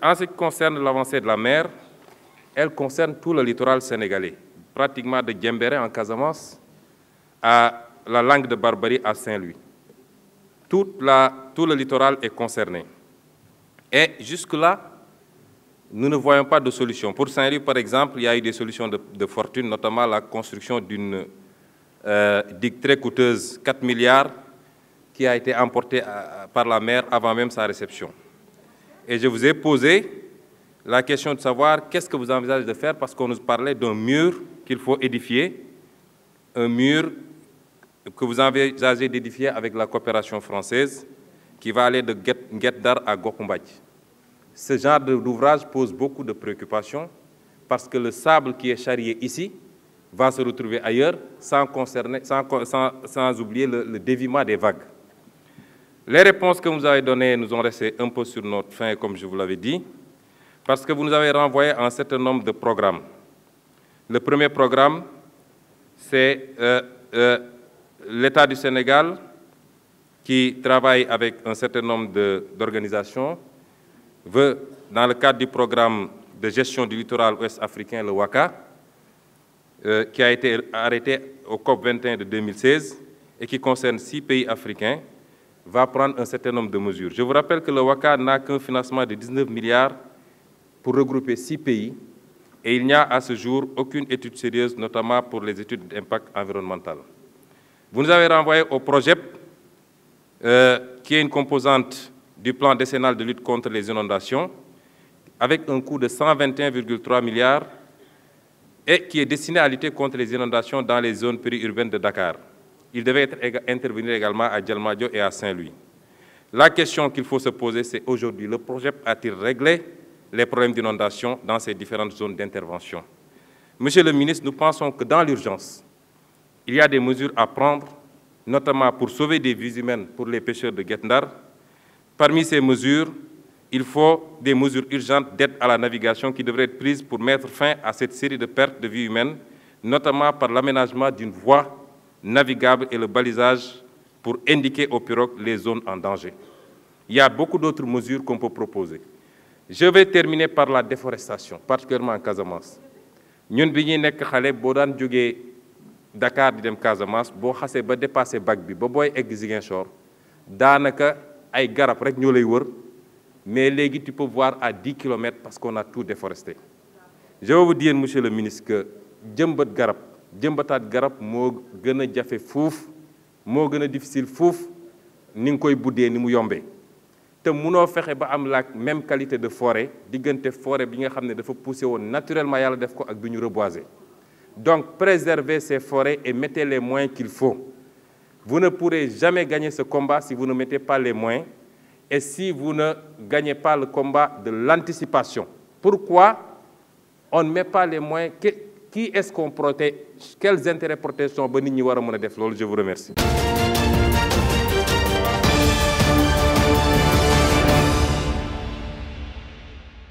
En ce qui concerne l'avancée de la mer, elle concerne tout le littoral sénégalais, pratiquement de Djembéré en Casamance à la langue de Barbarie à Saint-Louis. Tout, le littoral est concerné. Et jusque-là, nous ne voyons pas de solution. Pour Saint-Louis, par exemple, il y a eu des solutions de, fortune, notamment la construction d'une euh, digue très coûteuse, 4 milliards, qui a été emportée euh, par la mer avant même sa réception et je vous ai posé la question de savoir qu'est-ce que vous envisagez de faire parce qu'on nous parlait d'un mur qu'il faut édifier, un mur que vous envisagez d'édifier avec la coopération française qui va aller de Ngueddar à Gokumbadji. Ce genre d'ouvrage pose beaucoup de préoccupations parce que le sable qui est charrié ici va se retrouver ailleurs sans, oublier le, le déviment des vagues. Les réponses que vous avez données nous ont resté un peu sur notre fin, comme je vous l'avais dit, parce que vous nous avez renvoyé un certain nombre de programmes. Le premier programme, c'est euh, euh, l'État du Sénégal qui travaille avec un certain nombre d'organisations, veut, dans le cadre du programme de gestion du littoral ouest africain, le WACA, euh, qui a été arrêté au COP 21 de 2016 et qui concerne six pays africains, va prendre un certain nombre de mesures. Je vous rappelle que le WACA n'a qu'un financement de 19 milliards pour regrouper six pays et il n'y a à ce jour aucune étude sérieuse, notamment pour les études d'impact environnemental. Vous nous avez renvoyé au projet euh, qui est une composante du plan décennal de lutte contre les inondations avec un coût de 121,3 milliards et qui est destiné à lutter contre les inondations dans les zones périurbaines de Dakar. Il devait intervenir également à Djalmadio et à Saint-Louis. La question qu'il faut se poser, c'est aujourd'hui, le projet a-t-il réglé les problèmes d'inondation dans ces différentes zones d'intervention Monsieur le ministre, nous pensons que dans l'urgence, il y a des mesures à prendre, notamment pour sauver des vies humaines pour les pêcheurs de Guetnar. Parmi ces mesures, il faut des mesures urgentes d'aide à la navigation qui devraient être prises pour mettre fin à cette série de pertes de vies humaines, notamment par l'aménagement d'une voie navigable et le balisage pour indiquer aux pirogues les zones en danger. Il y a beaucoup d'autres mesures qu'on peut proposer. Je vais terminer par la déforestation, particulièrement en Casamance. Nous, bi ñuy nekk xale boo daan Dakar di dem Casamance boo xasee ba le bac bi ba booy egg Ziguinchor daanaka ay garab rek ñoo wër mais léegi tu peux voir à 10 km parce qu'on a tout déforesté je veux vous dire monsieur le ministre que les garab jëmbataat garab moo gën a jafe fuuf moo gën a difficile fuuf ni nga koy buddee ni mu yombee te munoo fexe ba am la même qualité de forêt diggante forêt bi nga xam ne dafa poussé woon naturellement yàlla def ko ak bi ñu reboiser donc préservez ces forêts et mettez les moyens qu'il faut vous ne pourrez jamais gagner ce combat si vous ne mettez pas les moyens et si vous ne gagnez pas le combat de l'anticipation pourquoi on ne met pas les moyens qui est-ce qu'on protège, quels intérêts protègent-ils je vous remercie